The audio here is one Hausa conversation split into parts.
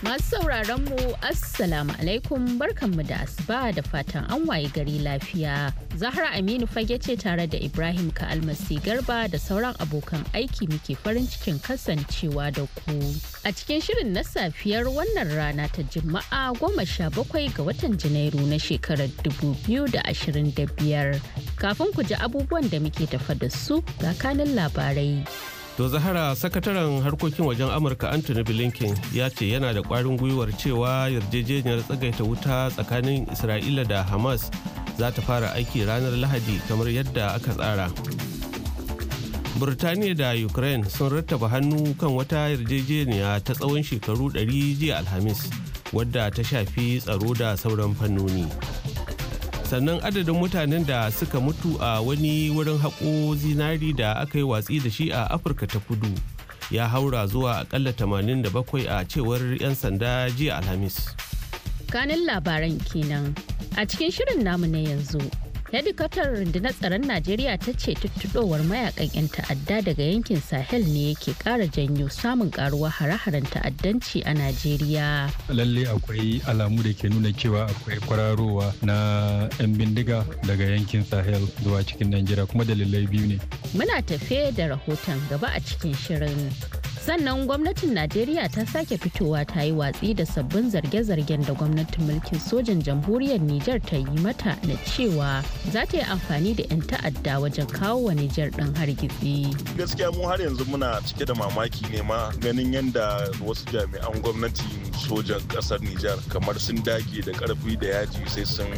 Masu sauraron mu Assalamu alaikum barkanmu da asuba da fatan an waye gari lafiya. Zahra Aminu fage ce tare da Ibrahim Ka'almasi Garba da sauran abokan aiki muke farin cikin kasancewa da ku. A cikin shirin na safiyar wannan rana ta Juma'a goma sha bakwai ga watan Janairu na shekarar dubu biyu da ashirin da biyar. Kafin ku ji abubuwan da muke tafa da su ga kanin labarai. To Zahara sakataren harkokin wajen Amurka Anthony Blinken ya ce yana da kwarin gwiwar cewa yarjejeniyar tsagaita wuta tsakanin Isra'ila da Hamas za ta fara aiki ranar Lahadi kamar yadda aka tsara. Burtaniya da Ukraine sun rattaba hannu kan wata yarjejeniya ta tsawon shekaru 100 jiya Alhamis wadda ta shafi tsaro da sauran fannoni. sannan adadin mutanen da suka mutu a wani wurin haƙo zinari da aka yi watsi da shi a afirka ta kudu ya haura zuwa akalla 87 a cewar 'yan sanda jiya alhamis kanin labaran kenan a cikin shirin namu na yanzu hedikwatar rundunar tsaron najeriya ta ce tuttuɗowar mayakan 'yan ta'adda daga yankin sahel ne yake kara janyo samun ƙaruwa hare-haren ta'addanci a najeriya lalle akwai alamu da ke nuna cewa akwai kwararowa na 'yan bindiga daga yankin sahel zuwa cikin najeriya kuma dalilai biyu ne muna tafe da rahoton gaba a cikin shirin sannan gwamnatin najeriya ta sake fitowa ta yi watsi da sabbin zarge-zargen da gwamnatin mulkin sojan jamhuriyar nijar ta yi mata na cewa za ta yi amfani da 'yan ta'adda wajen kawo wa nijar ɗin hargitsi gaskiya mu har yanzu muna cike da mamaki ne ma ganin yadda wasu jami'an gwamnati sojan kasar Nijar kamar sun dage da karfi da yaji sai sun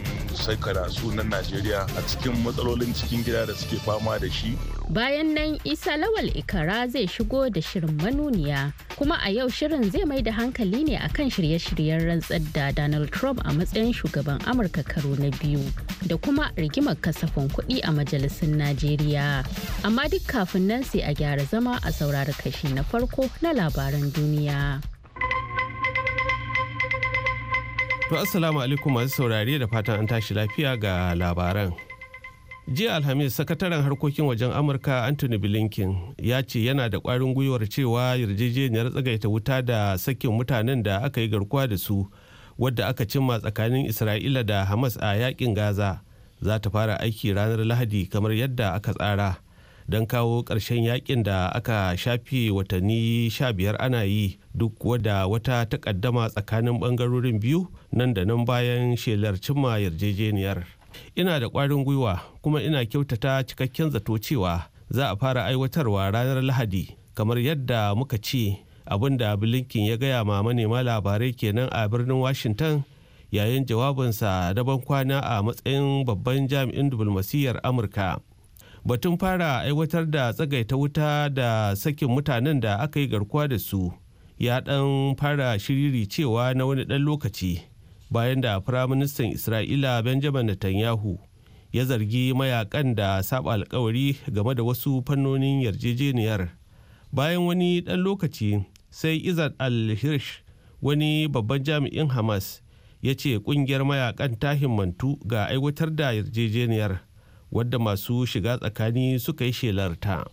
sakara sunan Najeriya a cikin matsalolin cikin gida da suke fama da shi. Bayan nan Isa Lawal Ikara zai shigo da shirin manuniya kuma a yau shirin zai mai da hankali ne akan shirye-shiryen rantsar da Donald Trump a matsayin shugaban Amurka karo na biyu da kuma rigimar kasafin kuɗi a majalisun Najeriya. Amma duk kafin nan sai a gyara zama a saurari kashi na farko na labaran duniya. To assalamu alaikum masu saurare da fatan an tashi lafiya ga labaran. Jiya Alhamis sakataren harkokin wajen Amurka Anthony Blinken ya ce yana da kwarin gwiwar cewa yarjejeniyar tsagaita wuta da sakin mutanen da aka yi garkuwa da su wadda aka cimma tsakanin Isra'ila da Hamas a yakin Gaza za ta fara aiki ranar Lahadi kamar yadda aka tsara. don kawo ƙarshen yakin da aka shafe watanni sha biyar ana yi duk wada wata takaddama tsakanin ɓangarorin biyu nan da nan bayan shelar cimma yarjejeniyar ina da ƙwarin gwiwa kuma ina kyautata cikakken zato cewa za a fara aiwatarwa ranar lahadi kamar yadda muka ce abin da Bilinkin ya gaya ma manema labarai kenan a birnin washington yayin jawabinsa daban kwana a matsayin babban jami'in diflomasiyyar amurka batun fara aiwatar da tsagaita wuta da sakin mutanen da aka yi garkuwa da su ya dan fara shiriri cewa na wani dan lokaci bayan da firaministan isra'ila benjamin netanyahu ya zargi mayakan da saba alkawari game da wasu fannonin yarjejeniyar bayan wani dan lokaci sai izad al-hirsh wani babban jami'in hamas ya ce kungiyar mayakan ta himmantu ga aiwatar da yarjejeniyar wadda masu shiga tsakani suka yi shelarta.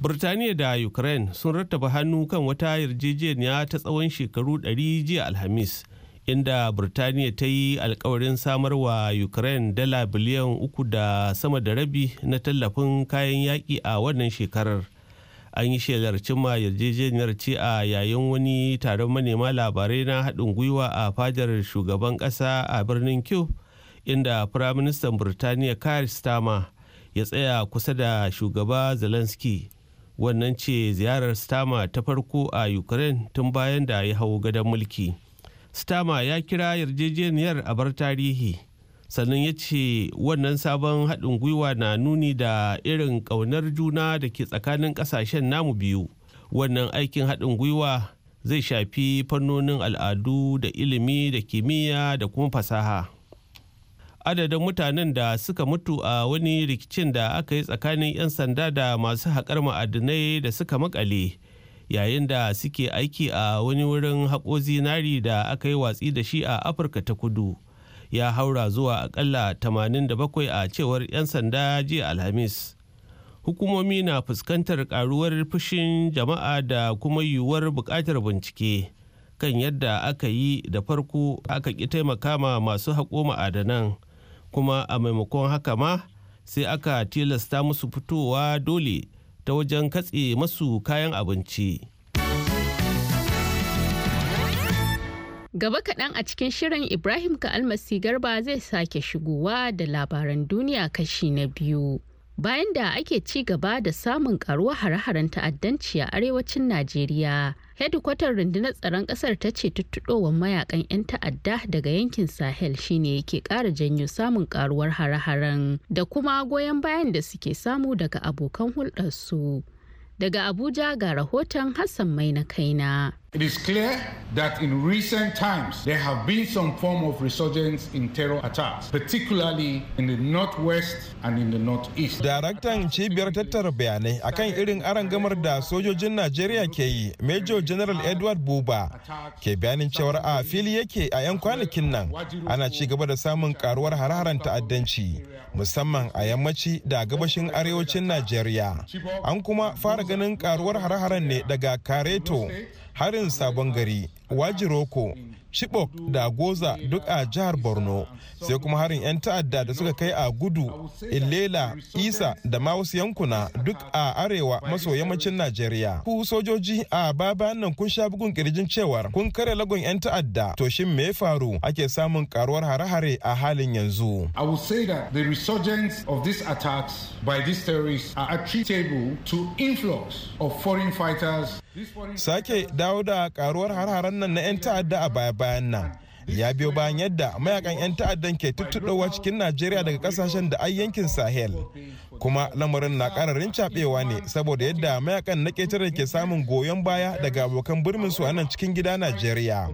Birtaniya da Ukraine sun rattaba hannu kan wata yarjejeniya ta tsawon shekaru 100 jiya Alhamis, inda Birtaniya ta yi alkawarin samar wa Ukraine dala biliyan uku da sama da rabi na tallafin kayan yaƙi a wannan shekarar. An yi shelar cimma yarjejeniyar ce a yayin wani taron manema labarai na haɗin gwiwa a fadar shugaban ƙasa a birnin Kyiv. inda firaministan burtaniya Keir stama ya tsaya kusa da shugaba Zelensky wannan ce ziyarar stama ta farko a Ukraine tun bayan da ya hau gadon mulki. stama ya kira yarjejeniyar a bar tarihi sannan ya ce wannan sabon haɗin gwiwa na nuni da irin ƙaunar juna da ke tsakanin ƙasashen namu biyu wannan aikin haɗin gwiwa zai shafi fannonin al'adu da ilimi da kimiyya da kuma fasaha. adadin mutanen da suka mutu a wani rikicin da aka yi tsakanin 'yan sanda da masu haƙar ma'adinai da suka makale yayin da suke aiki a wani wurin haƙo zinari da aka yi watsi da shi a afirka ta kudu ya haura zuwa akalla 87 a cewar 'yan sanda jiya alhamis hukumomi na fuskantar karuwar fushin jama'a da kuma yiwuwar buƙatar bincike kan yadda aka yi da farko aka ƙi taimaka ma masu haƙo ma'adanan kuma a maimakon haka ma sai aka tilasta musu fitowa dole ta wajen katse masu kayan abinci. Gaba kaɗan a cikin shirin Ibrahim Ka'almasi Garba zai sake shigowa da labaran duniya kashi na biyu. bayan da ake ci gaba da samun karuwar hare-haren ta'addanci a arewacin najeriya hedikwatar rundunar tsaron ƙasar ta ce tuttuɗowar mayakan 'yan ta'adda daga yankin sahel shine yake ƙara janyo samun karuwar hare-haren da kuma goyon bayan da suke samu daga abokan hulɗarsu daga abuja ga rahoton hassan mai na kaina It is clear that in recent times there have been some form of resurgence in terror attacks, particularly in the northwest and in the northeast. Daraktan cibiyar tattara bayanai akan irin arangamar da sojojin Najeriya ke yi, Major General Edward Buba ke bayanin cewar a fili yake a 'yan kwanakin nan ana ci gaba da samun karuwar hare-haren ta'addanci musamman a yammaci da gabashin arewacin Najeriya. An kuma fara ganin karuwar hare-haren ne daga Kareto harin sabon gari wajiroko Shibok da Goza duk a jihar Borno sai kuma harin 'yan ta'adda da suka kai a Gudu, Ilela, Isa da ma wasu yankuna duk a arewa maso yammacin Najeriya. Ku sojoji a baba nan kun sha bugun kirjin cewar kun kare lagon 'yan ta'adda to shin me faru ake samun karuwar hare-hare a halin yanzu. I will say that the resurgence of these attacks by these terrorists are attributable to influx of foreign fighters. Sake dawo da karuwar har-haren nan na 'yan ta'adda a baya bayan nan ya biyo bayan yadda mayakan 'yan ta'addan ke tuttuɗowa cikin najeriya daga kasashen da ai yankin sahel kuma lamarin na ƙararin caɓewa ne saboda yadda mayakan na ƙetare ke samun goyon baya daga abokan birnin su a nan cikin gida najeriya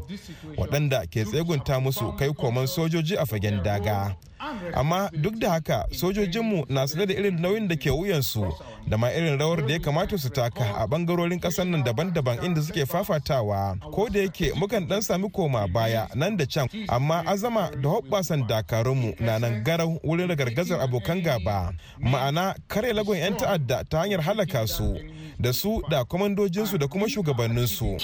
waɗanda ke tsegunta musu kai koman sojoji a fagen daga amma duk da haka sojojinmu na sanar da irin nauyin da ke wuyansu da ma irin rawar da ya kamata su taka a bangarorin kasan nan daban-daban inda suke fafatawa ko da yake mukan dan sami koma baya nan da can amma azama da hoɓɓasan dakarunmu na nan garau wurin ragargazar abokan gaba ma'ana kare lagon 'yan ta'adda ta hanyar halaka su da su da kwamandojinsu da kuma shugabanninsu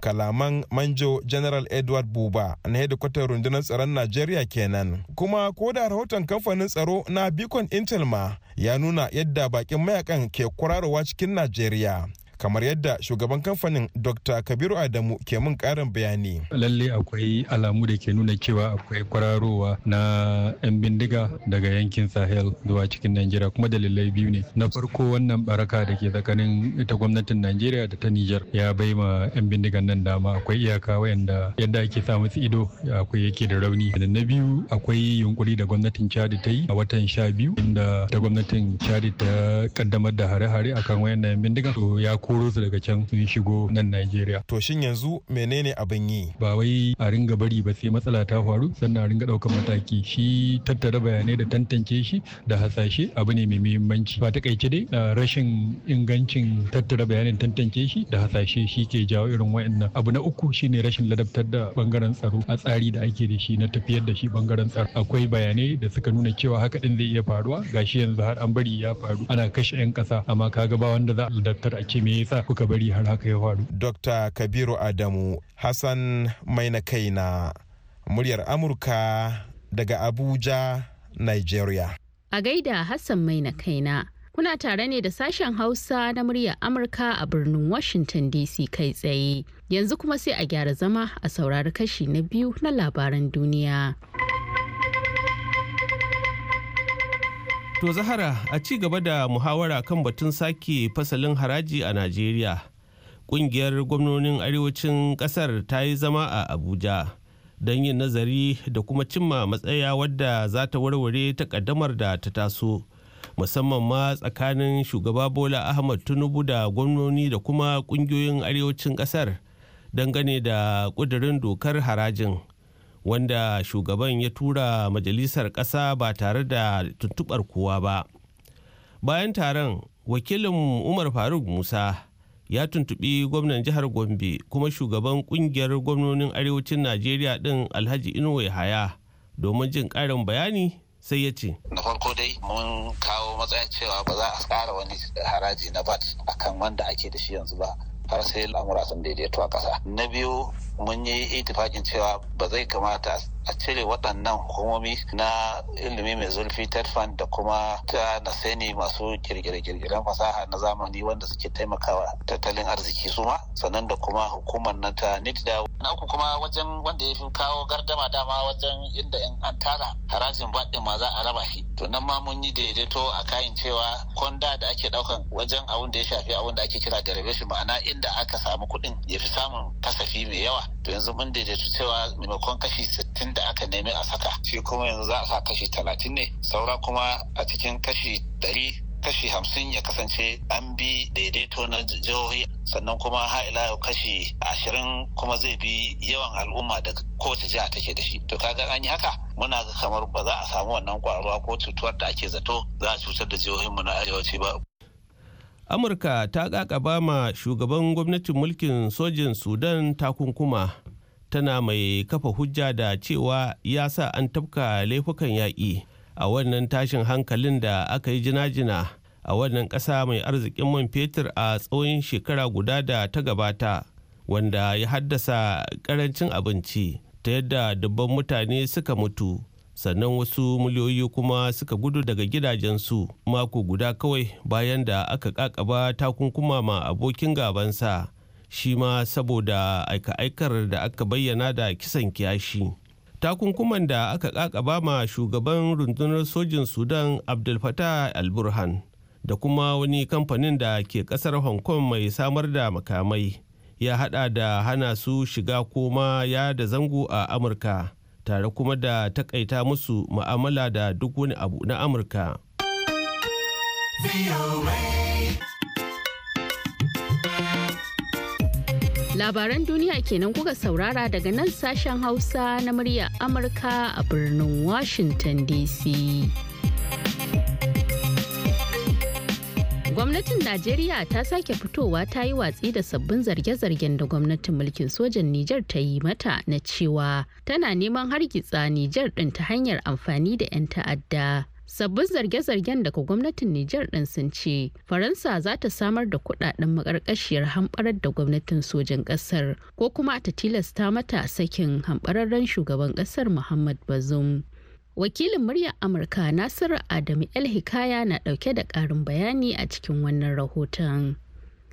kalaman manjo general edward buba na hedikwatar rundunar tsaron Najeriya kenan. Kuma ko da rahoton kamfanin tsaro na Bikon Intel ma ya nuna yadda bakin mayakan ke kwararowa cikin Najeriya. kamar yadda shugaban kamfanin dr kabiru adamu ke mun karin bayani lalle akwai alamu da ke nuna cewa akwai kwararowa na 'yan bindiga daga yankin sahel zuwa cikin najeriya kuma dalilai biyu ne na farko wannan baraka da ke tsakanin ita gwamnatin najeriya da ta niger ya bai ma 'yan bindigan nan dama akwai iyaka wayanda yadda ake sa musu ido akwai yake da rauni da na biyu akwai yunkuri da gwamnatin chad ta yi a watan sha biyu inda ta gwamnatin chad ta kaddamar da hare-hare akan wayannan 'yan bindiga to ya ko koro su daga can sun shigo nan Najeriya. To shin yanzu menene abin yi? Ba wai a ringa bari ba sai matsala ta faru sannan a ringa ɗaukar mataki. Shi tattara bayanai da tantance shi da hasashe abu ne mai muhimmanci. Ba takaice dai rashin ingancin tattara bayanan tantance shi da hasashe shi ke jawo irin wa'annan. Abu na uku shine rashin ladabtar da bangaren tsaro a tsari da ake da shi na tafiyar da shi bangaren tsaro. Akwai bayanai da suka nuna cewa haka din zai iya faruwa gashi yanzu har an bari ya faru ana kashe 'yan kasa amma kaga ba wanda za a ladabtar a ce me yasa kuka bari har haka ya faru dr kabiru adamu hassan mai na muryar amurka daga abuja nigeria a gaida hassan mai na kuna tare ne da sashen hausa na muryar amurka a birnin washington dc kai tsaye yanzu kuma sai a gyara zama a saurari kashi na biyu na labaran duniya. To Zahara a ci gaba da muhawara kan batun sake fasalin haraji a Najeriya. Kungiyar gwamnonin arewacin kasar ta yi zama a Abuja don yin nazari da kuma cimma matsaya wadda za ta warware ta takaddamar da ta taso. Musamman ma tsakanin shugaba Bola Ahmad Tinubu da gwamnoni da kuma ƙungiyoyin arewacin kasar dangane da ƙudirin dokar harajin. wanda shugaban ya tura majalisar ƙasa ba tare da tuntubar kowa ba bayan taron wakilin umar faruk musa ya tuntuɓi gwamnan jihar gombe kuma shugaban kungiyar gwamnonin arewacin najeriya ɗin alhaji inuwa haya domin jin ƙarin bayani sai ya ce da farko dai mun kawo matsayin cewa ba za a tsara wani haraji na bat akan wanda ake da shi yanzu ba har sai al'amura sun daidaito a ƙasa na biyu mun yi itifakin cewa ba zai kamata a cire waɗannan hukumomi na ilimi mai zurfi tedfan da kuma ta naseni masu kirkire-kirkiren fasaha na zamani wanda suke taimakawa tattalin arziki su ma sannan da kuma hukumar na ta nitda na uku kuma wajen wanda ya fi kawo gardama dama wajen inda in an tara harajin baɗin ma za a raba shi to nan ma mun yi daidaito a kayan cewa konda da ake ɗaukan wajen abun da ya shafi abun da ake kira derivation ma'ana inda aka samu kuɗin ya fi samun kasafi mai yawa to yanzu mun daidaitu cewa maimakon kashi sittin da aka nemi a saka shi kuma yanzu za a sa kashi talatin ne saura kuma a cikin kashi ɗari kashi hamsin ya kasance an bi daidaito na jihohi sannan kuma ha'ila yau kashi ashirin kuma zai bi yawan al'umma da kowace jiha take da shi to kaga an yi haka muna ga kamar ba za a samu wannan kwaruwa ko cutuwar da ake zato za a cutar da jihohinmu na arewaci ba amurka ta ƙaƙaba ma shugaban gwamnatin mulkin sojin sudan takunkuma tana mai kafa hujja da cewa ya sa an tafka laifukan yaƙi a wannan tashin hankalin da aka yi jina-jina a wannan ƙasa mai arzikin man fetur a tsawon shekara guda da ta gabata wanda ya haddasa ƙarancin abinci ta yadda dubban mutane suka mutu sannan wasu miliyoyi kuma suka gudu daga gidajensu mako guda kawai bayan da aka kakaba takunkuma ma abokin gabansa shi ma saboda aika-aikar da aka bayyana da kisan kiyashi takunkuman da aka kakaba ma shugaban rundunar sojin sudan abdul fatah al-burhan da kuma wani kamfanin da ke kasar hong kong mai samar da makamai ya hada da hana su shiga koma ya da zango a amurka tare kuma da takaita musu ma'amala da duk wani abu na amurka labaran duniya kenan kuka saurara daga nan sashen hausa na murya amurka a birnin washington dc Gwamnatin Najeriya ta sake fitowa ta yi watsi da sabbin zarge-zargen da gwamnatin mulkin sojan Nijar ta yi mata na cewa tana neman hargitsa Nijar ɗin ta hanyar amfani da 'yan ta'adda. Sabbin zarge-zargen daga gwamnatin Nijar ɗin sun ce Faransa za ta samar da kuɗaɗen maƙarƙashiyar hamɓarar da gwamnatin sojan ƙasar ko kuma ta tilasta mata sakin hamɓararren shugaban ƙasar Muhammad Bazoum. wakilin muryar amurka nasiru adamu el hikaya na dauke da karin bayani a cikin wannan rahoton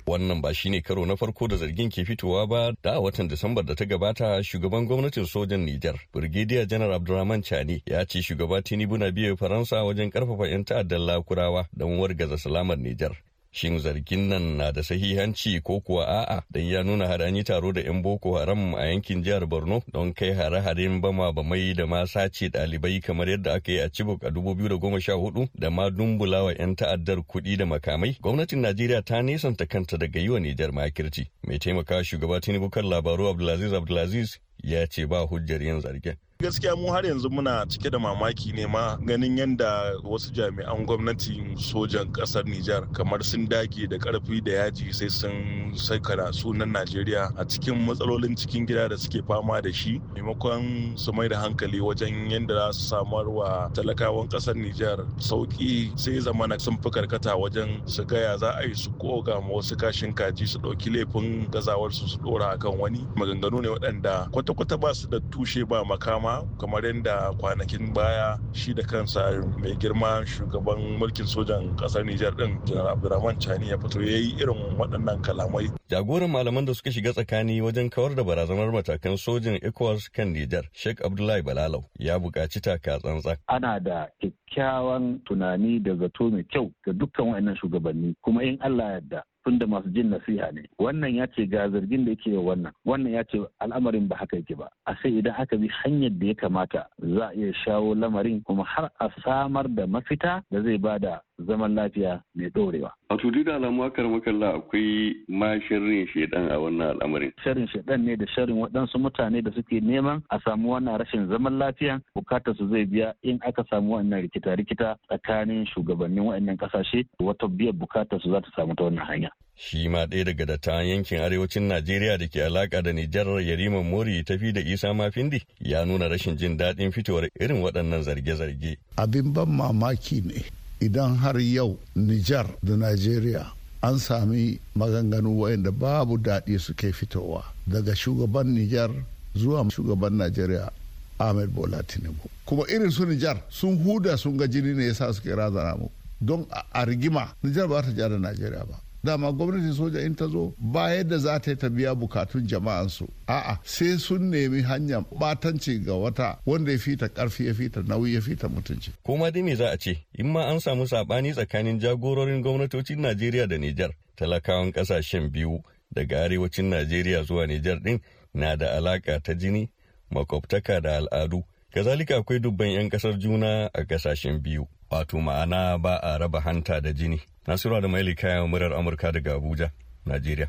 wannan ba shine karo na farko da zargin ke fitowa ba da watan disambar da ta gabata shugaban gwamnatin sojan Nijar Brigadier General Abdurrahman Chani ya ce shugaba Tinubu na biyu Faransa wajen karfafa 'yan ta'addar Lakurawa don wargaza salamar Nijar shin zargin nan na da sahihanci ko kuwa a'a don ya nuna har an yi taro da 'yan boko haram a yankin jihar borno don kai hare-haren bama bamai da ma sace dalibai kamar yadda aka yi a chibok a 2014 da ma dumbulawa 'yan ta'addar kuɗi da makamai gwamnatin najeriya ta nesanta kanta daga yiwa wa nijar makirci mai taimaka shugaba tinubu kan labaru abdulaziz abdulaziz ya ce ba hujjar yin zargin gaskiya mu har yanzu muna cike da mamaki ne ma ganin yadda wasu jami'an gwamnati sojan kasar Nijar kamar sun dage da karfi da yaji sai sun saikara sunan Najeriya a cikin matsalolin cikin gida da suke fama da shi maimakon su mai da hankali wajen yadda za su samar wa talakawan kasar Nijar sauki sai zamana sun fi karkata wajen su gaya za a yi su koga ma wasu kashin kaji su ɗauki laifin gazawar su su ɗora akan wani maganganu ne waɗanda kwata-kwata ba su da tushe ba makama kamar yadda kwanakin baya shi da kansa mai girma shugaban mulkin sojan ƙasar Nijar din Janar Abdulrahman Chani ya fito yayi irin waɗannan kalamai. Jagoran malaman da suka shiga tsakani wajen kawar da barazanar matakan sojin ECOWAS kan Nijar, Sheikh Abdullahi Balalau ya buƙaci taka tsantsa Ana da kyakkyawan tunani da zato mai kyau ga dukkan waɗannan shugabanni kuma in Allah yarda tunda masu jin nasiha ne wannan ya ce ga zargin da yake wannan wannan ya ce al'amarin ba haka yake ba a sai idan aka bi hanyar da ya kamata za a iya shawo lamarin kuma har a samar da mafita da zai ba da zaman lafiya mai dorewa. A tudi da alamu makalla akwai ma sharrin shaidan a wannan al'amarin. Sharrin shaidan ne da sharrin waɗansu mutane da suke neman a samu wannan rashin zaman lafiya bukatar su zai biya in aka samu wannan rikita-rikita tsakanin shugabannin waɗannan ƙasashe wata biyar bukatar su za ta samu ta wannan hanya. Shi ma ɗaya daga dattawan yankin arewacin Najeriya da ke alaƙa da Nijar Yariman Mori tafi da Isa Mafindi ya nuna rashin jin daɗin fitowar irin waɗannan zarge-zarge. Abin ban mamaki ne idan har yau Nijar da Najeriya an sami maganganu wayanda babu daɗi suke fitowa daga shugaban Nijar zuwa shugaban Najeriya Ahmed Bola Tinubu. Kuma irin su Nijar sun huda sun ga jini ne yasa suke razana mu. Don a rigima Nijar ba ta ja da Najeriya ba. dama gwamnati soja in ta zo ba yadda za ta yi ta biya bukatun jama'ansu a'a sai sun nemi hanyar batanci ga wata wanda ya fita karfi ya fita nauyi ya fita mutunci kuma dai me za a ce in ma an samu sabani tsakanin jagororin gwamnatocin Najeriya da Nijar talakawan kasashen biyu daga arewacin Najeriya zuwa Nijar din na da alaka ta jini makwabtaka da al'adu kazalika akwai dubban 'yan kasar juna a kasashen biyu wato ma'ana ba a raba hanta da jini Nasiru da Maili kayan murar Amurka daga Abuja, Najeriya.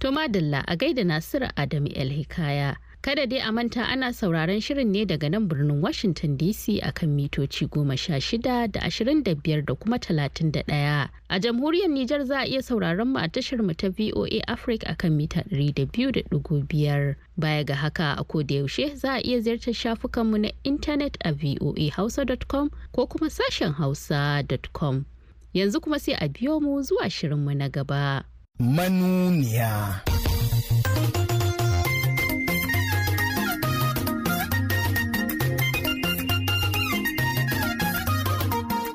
To Madalla a gaida Nasiru Adamu El Hikaya. Kada dai a manta ana sauraron shirin ne daga nan birnin Washington DC akan mitoci goma sha shida da ashirin da biyar da kuma talatin da ɗaya. A jamhuriyar Nijar za a iya sauraron mu a tashar mu ta VOA Africa akan mita ɗari da biyu da ɗigo biyar. Baya ga haka a ko da yaushe za a iya ziyartar shafukanmu na intanet a voahausa.com ko kuma sashen hausa.com. yanzu kuma sai a biyo mu zuwa shirin mu na gaba. Manuniya.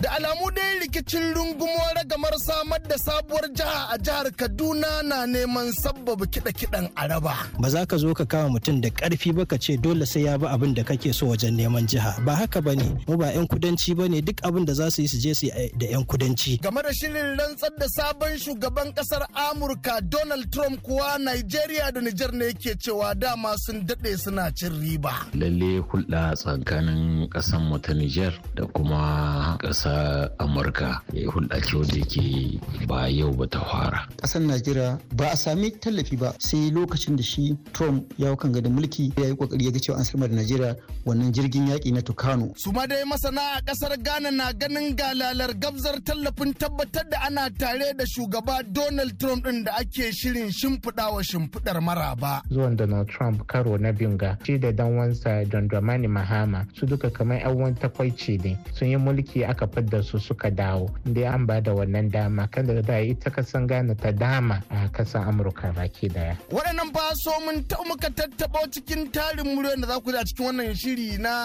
Da alamu dai lokacin rungumo ragamar samar da sabuwar jiha a jihar Kaduna na neman sabbaba kiɗa-kiɗan araba. Ba za ka zo ka kama mutum da ƙarfi ba ka ce dole sai ya bi abin da kake so wajen neman jiha. Ba haka ba ne, mu ba 'yan kudanci ba ne duk abin da za su yi su je su eh, da 'yan kudanci. Game da shirin rantsar da sabon shugaban ƙasar Amurka Donald Trump kuwa Najeriya da Nijar ne ke cewa dama sun daɗe suna cin riba. Lalle hulɗa tsakanin ƙasar mu ta Nijar da kuma ƙasa Amurka yi hulɗa ce ke ba yau ba ta fara. ƙasar najeriya ba a sami tallafi ba sai lokacin da shi trump ya kan gadin mulki ya yi kokari ya ga cewa an samar da najeriya wannan jirgin yaƙi na tukano. su ma dai masana a ƙasar ghana na ganin galalar gabzar tallafin tabbatar da ana tare da shugaba donald trump ɗin da ake shirin shimfiɗawa shimfiɗar maraba. zuwan donald trump karo na binga, ga shi da danwansa john dramani mahama su duka kamar 'yan wani takwaici ne sun yi mulki aka fidda su suka dawo da inda an ba da wannan dama kan da za ita kasan gane ta dama a kasan amurka baki daya waɗannan ba so mun taɓa muka tattaɓa cikin tarin muryar da za ku a cikin wannan shiri na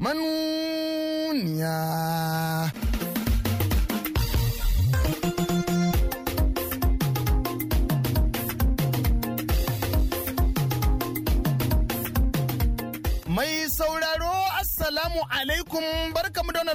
manuniya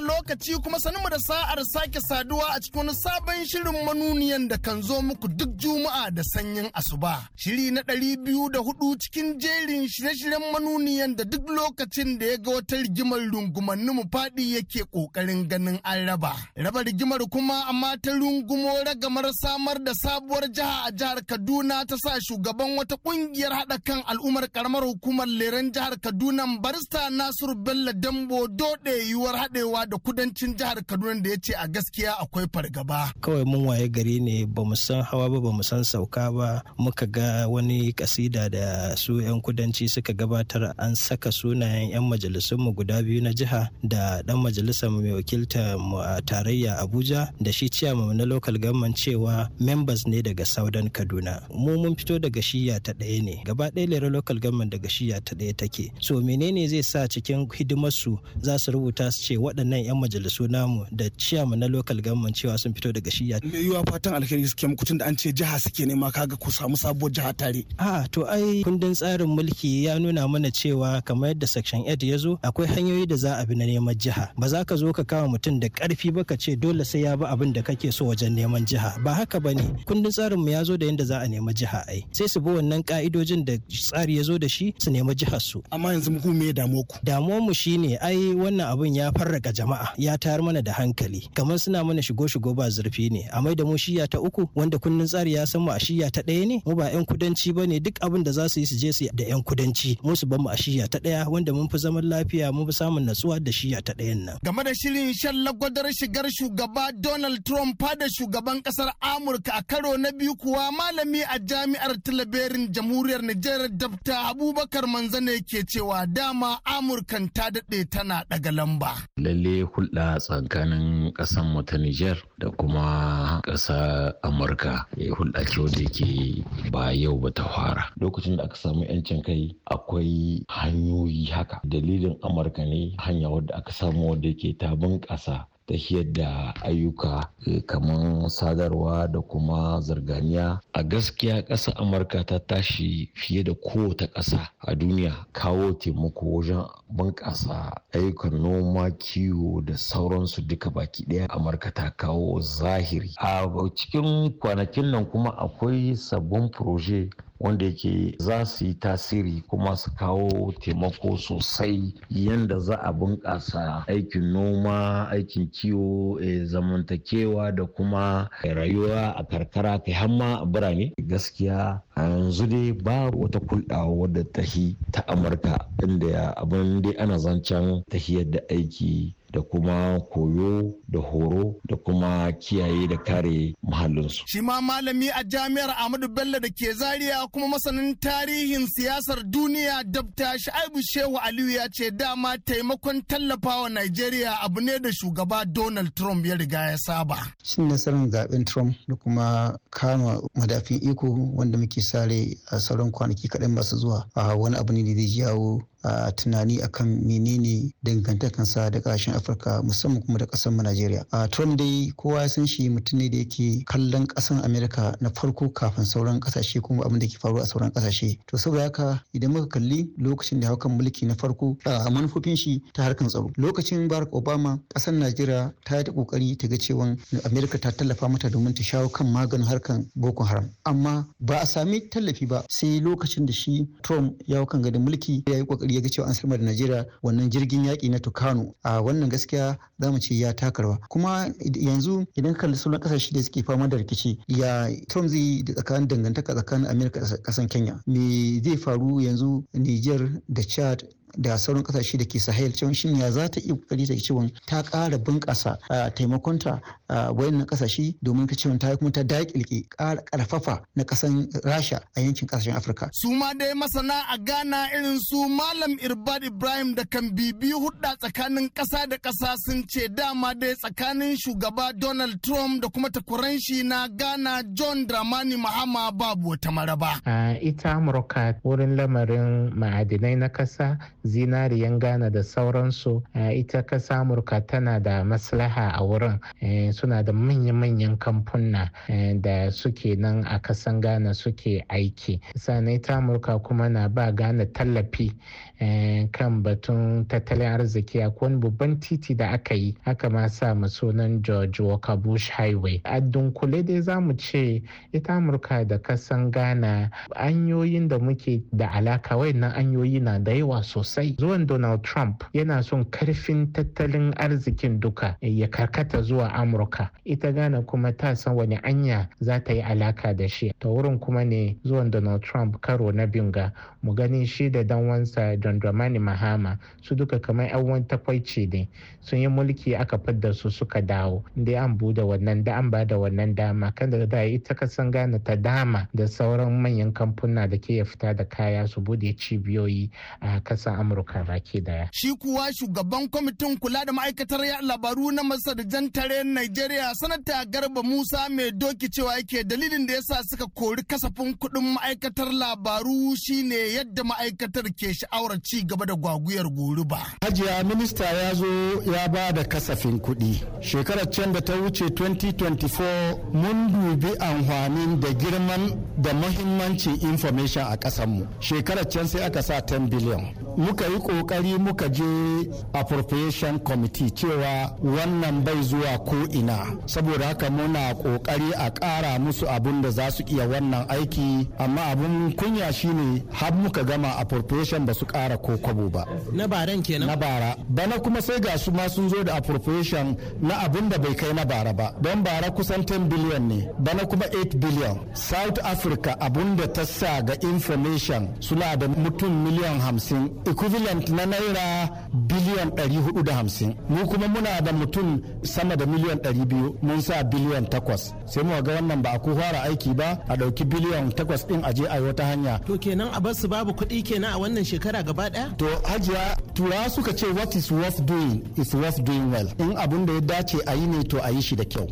wannan lokaci kuma sanin da sa'ar sake saduwa a cikin wani sabon shirin manuniyan da kan zo muku duk juma'a da sanyin asuba. Shiri na ɗari biyu da hudu cikin jerin shirye-shiryen manuniyan da duk lokacin da ya ga wata rigimar rungumanni mu faɗi yake ƙoƙarin ganin an raba. Raba rigimar kuma amma ta rungumo ragamar samar da sabuwar jiha a jihar Kaduna ta sa shugaban wata ƙungiyar haɗa kan al'ummar karamar hukumar leren jihar Kaduna barista Nasiru Bello Dambo dode yiwuwar haɗewa da kudancin jihar Kaduna da ya ce a gaskiya akwai fargaba. Kawai mun waye gari ne ba mu san hawa ba ba mu san sauka ba muka ga wani kasida da su 'yan kudanci suka gabatar an saka sunayen 'yan majalisun mu guda biyu na jiha da dan majalisar mai wakilta mu a tarayya Abuja da shi ciyaman na local government cewa members ne daga Southern Kaduna. Mu mun fito daga shiya ta ɗaya ne gaba ɗaya lera local government daga shiya ta ɗaya take. So menene zai sa cikin hidimarsu za su rubuta su ce waɗannan waɗannan 'yan majalisu namu da ciyama na lokal government cewa sun fito daga shiya. Me yiwa fatan alheri suke mukutun da an ce jiha suke nema kaga ku samu sabuwar jiha tare. A to ai kundin tsarin mulki ya nuna mana cewa kamar yadda section 8 ya zo akwai hanyoyi da za a bi na neman jiha. Ba za ka zo ka kama mutum da ƙarfi ba ka ce dole sai ya bi abin da kake so wajen neman jiha. Ba haka ba ne. Kundin tsarinmu ya zo da yadda za a nema jiha ai. Sai su bi wannan ka'idojin da tsari ya zo da shi su nema jihar su. Amma yanzu mu me damuwa ku? Damuwar mu shine ai wannan abin ya farraka jama'a. jama'a ya tayar mana da hankali kamar suna mana shigo shigo ba zurfi ne a mai da mu shiya ta uku wanda kunnin tsari ya san mu a shiya ta ɗaya ne mu ba yan kudanci ba ne duk abin da za su yi su je su da yan kudanci mu su ban mu a shiya ta ɗaya wanda mun fi zaman lafiya mun fi samun natsuwa da shiya ta ɗayan nan. game da shirin shallagwadar shigar shugaba donald trump da shugaban kasar amurka a karo na biyu kuwa malami a jami'ar talaberin jamhuriyar nijar dabta abubakar manzane ke cewa dama amurkan ta daɗe tana daga lamba. lalle ya hulɗa tsakanin ƙasar mu ta Nijar da kuma ƙasa Amurka ya eh, hulɗa ce wadda yake ba yau ba ta fara. Lokacin da aka samu 'yancin kai akwai hanyoyi haka. Dalilin Amurka ne hanya wadda aka samu wadda yake ta bunƙasa tafiyar da ayyuka eh, kamar sadarwa da kuma zarganiya a gaskiya ƙasa amurka ta tashi fiye da kowace ƙasa a duniya kawo taimako wajen bunƙasa ayyukan noma kiwo da sauransu duka baki ɗaya amurka ta kawo zahiri a cikin kwanakin nan kuma akwai sabbin proje wanda yake za su yi tasiri kuma su kawo taimako sosai yadda za a bunƙasa aikin noma aikin kiwo eh, zamantakewa da kuma rayuwa a karkara kai hamma a birane gaskiya a yanzu dai ba wata kulɗawa wadda tahi ta amurka inda abin dai ana zancen tahiyar da aiki da kuma koyo da horo da kuma kiyaye da kare muhallinsu. Shi ma malami a jami'ar Ahmadu Bello da ke Zaria kuma masanin tarihin siyasar duniya Dabta Sha'ibu Shehu Aliyu ya ce dama taimakon tallafawa Najeriya abu ne da shugaba Donald Trump ya riga ya saba. Shin nasarar zaben Trump da kuma kama madafin iko wanda muke sare a sauran kwanaki kaɗan masu zuwa a wani abu ne da zai jawo a tunani akan menene dangantakansa da kasashen afirka musamman kuma da kasar mu najeriya a trump dai kowa ya san shi mutum ne da yake kallon kasan Amerika na farko kafin sauran kasashe kuma abin da ke faru a sauran kasashe to saboda haka idan muka kalli lokacin da haukan mulki na farko a manufofin shi ta harkan tsaro lokacin barack obama kasar najeriya ta yi ta kokari ta ga cewa amerika ta tallafa mata domin ta shawo kan maganin harkan boko haram amma ba a sami tallafi ba sai lokacin da shi trump ya hau kan gadin mulki ya yi kokari kokari ya ga cewa an sama da Najeriya wannan jirgin yaki na Tukano a wannan gaskiya za mu ce ya taka rawa kuma yanzu idan kalli sauran kasashe da suke fama da rikici ya trump zai da tsakanin dangantaka tsakanin Amerika da kasan Kenya me zai faru yanzu Niger da Chad da sauran kasashe da ke sahel cewa shin ya za ta iya kokari ta cewa ta kara bunƙasa taimakonta wayannan kasashe domin ta cewa ta kuma ta daƙilƙe ƙara ƙarfafa na ƙasan rasha a yankin ƙasashen afirka. su ma dai masana a ghana irin su malam irbad ibrahim da kan bibi hudda tsakanin ƙasa da ƙasa sun ce dama dai tsakanin shugaba donald trump da kuma takwaran shi na ghana john dramani mahama babu wata maraba. ita amurka wurin lamarin ma'adinai na ƙasa zinariyan ghana da sauransu eh, ita kasa amurka tana da maslaha a wurin eh, suna da manya-manyan kamfuna eh, da suke nan a kasan ghana suke aiki sannan ita amurka kuma na ba ghana tallafi Eh, kan batun tattalin arziki a wani babban titi da aka yi aka ma sa mu sunan george walker bush highway a dunkule dai za mu ce ita amurka da kasan ghana hanyoyin da muke da alaka wayannan anyoyi na da yawa sosai zuwan donald trump yana son karfin tattalin arzikin duka eh, ya karkata zuwa amurka ita ghana kuma ta san wani anya za ta yi alaka da shi ta wurin kuma ne zuwan donald trump karo na binga mu gani shi da danwansa don Dramani Mahama su duka kamar yan wani takwaici ne sun yi mulki aka fidda su suka dawo inda an bude wannan da an bada wannan dama kan da da ita san gane ta dama da sauran manyan kamfuna da ke fita da kaya su bude cibiyoyi a kasan Amurka baki daya. Shi kuwa shugaban kwamitin kula da ma'aikatar ya labaru na da tare Najeriya sanata Garba Musa mai doki cewa yake dalilin da yasa suka kori kasafin kuɗin ma'aikatar labaru shine yadda ma'aikatar ke sha'awar ci gaba da gwaguyar gori ba. Hajiya minista ya zo ya ba da kasafin kuɗi. Shekarar can da ta wuce 2024 mun dubi amfanin da girman da muhimmancin information a ƙasarmu. Shekarar can sai aka sa 10 biliyan. muka yi kokari muka je appropriation committee cewa wannan bai zuwa ko ina saboda haka muna kokari a ƙara musu abun da za su iya wannan aiki amma abun kunya shine har muka gama appropriation ba su ƙara ko kwabo ba na baran kenan na bara bana kuma sai ga su ma sun zo da appropriation na abun da bai kai na bara ba don bara kusan 10 billion ne bana kuma 8 billion south africa abun da ta sa ga information suna da mutum miliyan hamsin equivalent na naira biliyan 450 mu kuma muna da mutum sama da miliyan 200 mun sa biliyan 8 sai mu ga wannan ba a ku fara aiki ba a dauki biliyan 8 din aje a wata hanya to kenan a bar su babu kuɗi kenan a wannan shekara gaba daya to hajiya tura suka ce what is worth doing is worth doing well in abun da ya dace a yi ne to a yi shi da kyau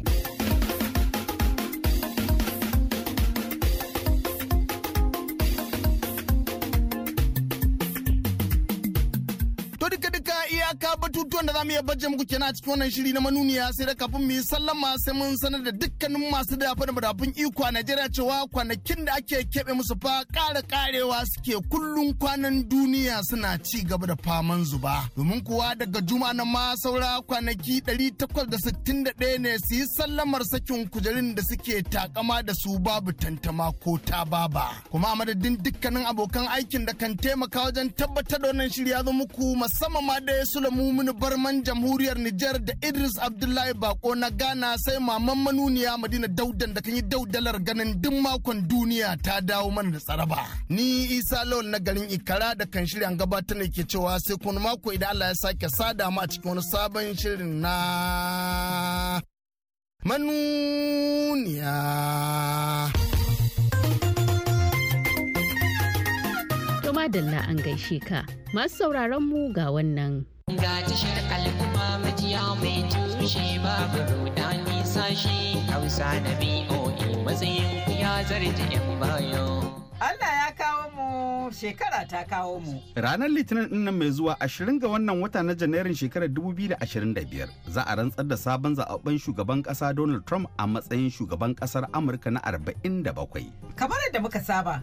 ajiye muku kenan a cikin wannan shiri na manuniya sai da kafin mu yi sallama sai mun sanar da dukkanin masu dafa da madafun iko a Najeriya cewa kwanakin da ake keɓe musu fa ƙara ƙarewa suke kullum kwanan duniya suna ci gaba da faman zuba. Domin kuwa daga juma na ma saura kwanaki 861 ne su yi sallamar sakin kujerin da suke takama da su babu tantama ko ta baba. Kuma a madadin dukkanin abokan aikin da kan taimaka wajen tabbatar da wannan ya zo muku musamman ma da ya sulamu mini barman jamhuriyar jamhuriyar Nijar da Idris Abdullahi Bako na Ghana sai maman manuniya Madina Daudan da kan yi daudalar ganin duk makon duniya ta dawo mana da tsaraba. Ni Isa Lawal na garin Ikara da kan shirya gabatar ne ke cewa sai kuma mako idan Allah ya sake sada mu a cikin wani sabon shirin na manuniya. madalla an gaishe ka masu sauraron mu ga wannan. Ga tashar al'umma majiya mai tushe babu rudani sashi hausa na BOA e, matsayin ya zarta 'yan bayo. Allah ya kawo mu shekara ta kawo mu. Ranar Litinin nan mai zuwa 20 ga wannan wata na Janairun shekarar 2025 za a rantsar da sabon zaɓen shugaban ƙasa Donald Trump a matsayin shugaban ƙasar Amurka na 47. Kamar da muka saba,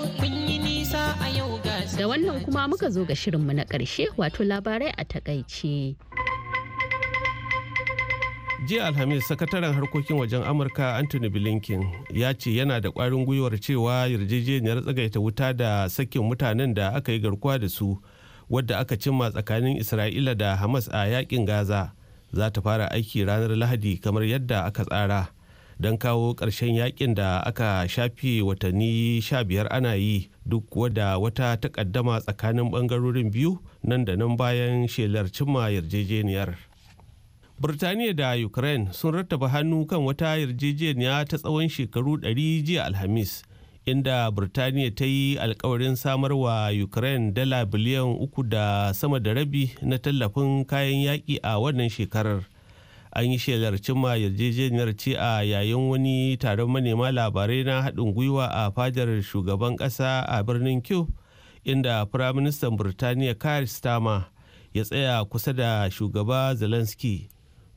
Da wannan kuma muka zo ga shirinmu na ƙarshe wato labarai a takaice. jiya alhamis sakataren harkokin wajen amurka anthony blinken ya ce yana da ƙwarin gwiwar cewa yarjejeniyar tsagaita wuta da sakin mutanen da aka yi garkuwa da su wadda aka cimma tsakanin isra'ila da hamas a yakin gaza za ta fara aiki ranar lahadi kamar yadda aka tsara don kawo ƙarshen yakin da aka shafi watanni sha biyar ana yi duk wada wata takaddama tsakanin ɓangarorin biyu nan da nan bayan shelar cimma yarjejeniyar Birtaniya da Ukraine sun rattaba hannu kan wata yarjejeniya ta tsawon shekaru 100 jiya Alhamis, inda Birtaniya ta yi alkawarin samar wa Ukraine dala biliyan uku da sama da rabi na tallafin kayan yaƙi a wannan shekarar. an yi shelar cimma yarjejeniyar ce a yayin wani taron manema labarai na haɗin gwiwa a fadar shugaban ƙasa a birnin Q inda firaministan birtaniya kyle starmer ya tsaya kusa da shugaba zelensky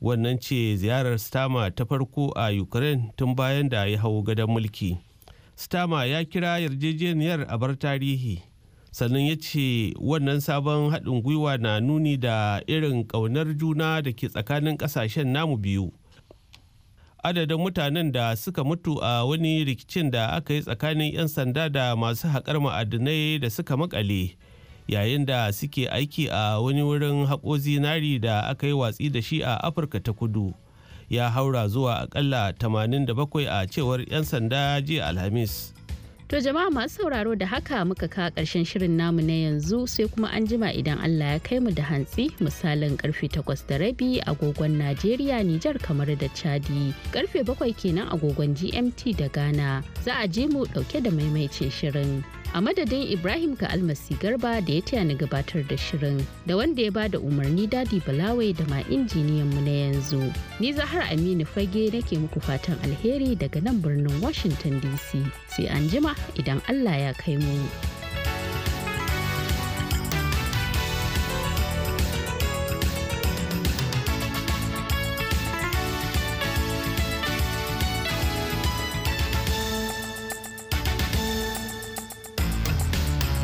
wannan ce ziyarar starmer ta farko a ukraine tun bayan da ya hau gadon mulki starmer ya kira yarjejeniyar a bar tarihi sannan ya ce wannan sabon haɗin gwiwa na nuni da irin ƙaunar juna da ke tsakanin ƙasashen namu biyu adadin mutanen da suka mutu a wani rikicin da aka yi tsakanin 'yan sanda da masu haƙar ma'adinai da suka makale yayin da suke aiki a wani wurin haƙo zinari da aka yi watsi da shi a afirka ta kudu ya haura zuwa akalla 87 a cewar 'yan sanda jiya alhamis To jama'a masu sauraro da haka muka ka ƙarshen shirin namu na yanzu sai kuma an jima idan Allah ya kai mu da hantsi misalin karfe takwas da rabi agogon Najeriya Nijar kamar da Chadi karfe bakwai kenan agogon GMT da Ghana za a je mu dauke da maimaicin shirin. a madadin ibrahim ka almasi garba da ya taya ni gabatar da shirin da wanda ya bada umarni dadi balawai da ma injiniyan mu na yanzu ni zahar aminu fage nake muku fatan alheri daga nan birnin washington dc sai an jima idan allah ya kai mu.